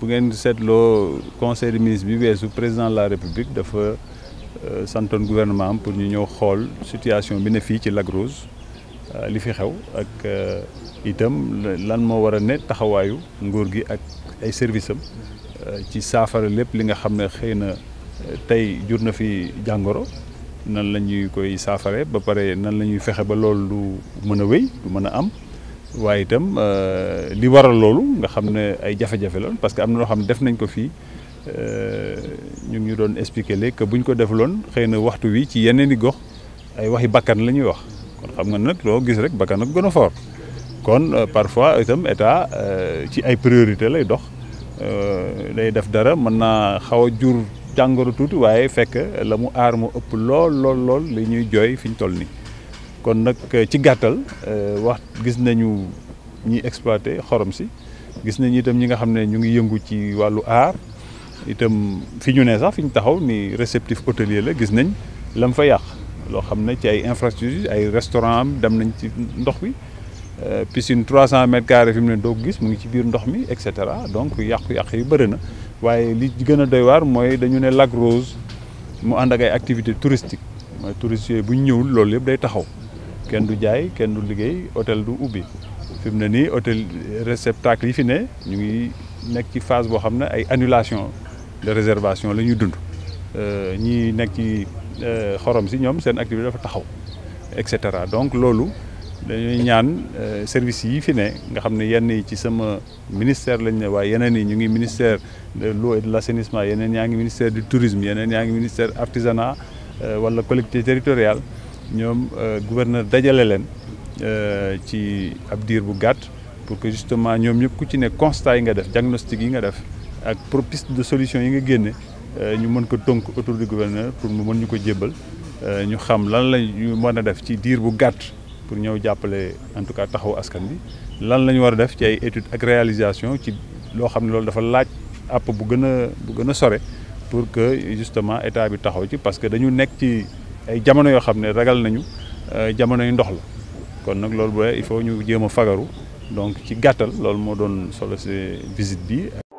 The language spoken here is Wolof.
bu ngeen seetloo conseil des ministres bi weesu président de la république dafa euh, santoon gouvernement pour ñu ñëw xool situation bi ne fii ci Lac Rose euh, li fi xew ak euh, itam lan moo war a ne taxawaayu nguur gi ak ay service am ci safara lepp li nga xamne xeyna tay na tey fi jàngoro nan lañuy koy safare ba pare nan lañuy fexé ba loolu du mën wéy du mëna am tam item euh, li waral loolu nga xamne ne ay jafe-jafe lon parce que amna lo xamne def nañ ko euh ñu ngi ñu doon expliquer léegi que buñ ko def lon xeyna waxtu wi ci yeneeni gox ay waxi bakkan lañuy wax kon xam nga nak lo gis rek bakkan ak gëna fort kon euh, parfois itam état euh, ci ay priorité lay dox lay def dara man na xawa jur jangoro tuti waye fekk lamu mu aar mu lol lol lool li ñuy joy fiñ toll ni kon nag eh, ci gàttal eh, wax gis nañu ñiy exploité xorom si gis nañu itam ñi nga xam ne ñu ngi yëngu ci wàllu aar itam fi ñu ne sax fi ñu taxaw ni réceptif hôtelier la gis nañ lam fa yàq loo xam ne ci ay infrastructure ay restaurant am dem nañ ci ndox wi eh, piscine 300 mètres carrés fi mu ne doog gis mu ngi ci biir ndox mi et cetera donc yàqu-yàq yi bëri na waaye li gën a doy waar mooy dañu ne Lac Rose mu ànd ak ay activités touristiques mooy touristes yooyu bu ñu ñëwul loolu yëpp day taxaw kenn du jaay kenn du liggéey hôtel du ubbi fi mu ne nii hôtel réceptacle yi fi ne ñu ngi nekk ci phase boo xam ne ay annulation de réservation la ñuy dund euh, ñi nekk ci euh, xorom si ñoom seen activité dafa taxaw et cetera donc loolu dañuy ñaan euh, service yi fi ne nga xam ne yenn yi ci sama ministère lañ ne waaye yeneen yi ñu ngi ministère de l'eau et de l'assainissement yeneen yaa ngi ministère du tourisme yeneen yaa ngi ministère artisanat wala collectivité territoriale ñoom euh, gouverneur dajale leen euh, ci ab diir bu gàtt pour que justement ñoom ñëpp ku ci ne constat yi nga def diagnostic yi nga def ak propice de solution yi nga génne euh, ñu mën ko tënk autour du gouverneur pour mu mën ñu ko jébbal ñu xam lan la ñu mën a def ci diir bu gàtt pour ñëw jàppale en tout cas taxawu askan bi lan la ñu war a def ci ay études ak réalisation ci loo xam ne loolu dafa laaj app bu gën a bu gën a sore pour que justement état bi taxaw ci parce que dañu nekk ci ay jamono yoo xam ne ragal nañu euh, jamono yu ndox la kon nag loolu bu il faut ñu jéem a fagaru donc ci gàttal loolu moo doon solo si visite bi.